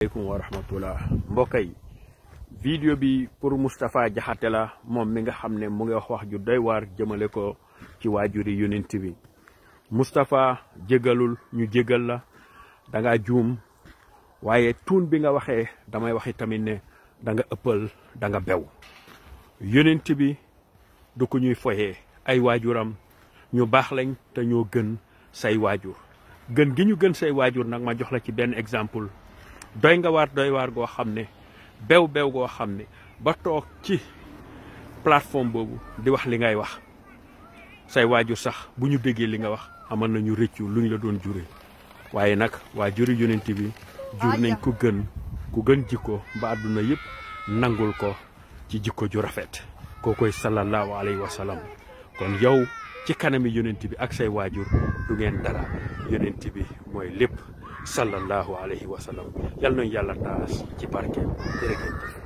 aleykum wa rahmatullah mbokk yi vidéo bi pour Moustapha Diakhaté la moom mi nga xam ne mu ngi wax wax ju doy waar jëmale ko ci waajuri yonent bi Moustapha jégalul ñu jégal la da juum waaye tuun bi nga waxee damay waxi tamit ne danga nga ëppal da bew yonent bi du ko ñuy foyee ay waajuram ñu baax lañ te ñoo gën say waajur gën gi ñu gën say waajur nag ma jox la ci benn exemple doy nga waar doy waar goo xam ne bew bew goo xam ne ba toog ci plateforme boobu di wax li ngay wax say waajur sax bu ñu déggee li nga wax amal nañu rëccu lu ñu la doon jure waaye nag waajuri yonent bi jur nañ ku gën ku gën jikko ba àdduna yëpp nangul ko ci jikko ju rafet koo koy sallallahu alayhi wa sallam kon yow ci kanami yonent bi ak say waajur du ngeen dara yonent bi mooy lépp sallallahu alayhi wa sallam yal nañu yàlla taas ci barke jërëjëf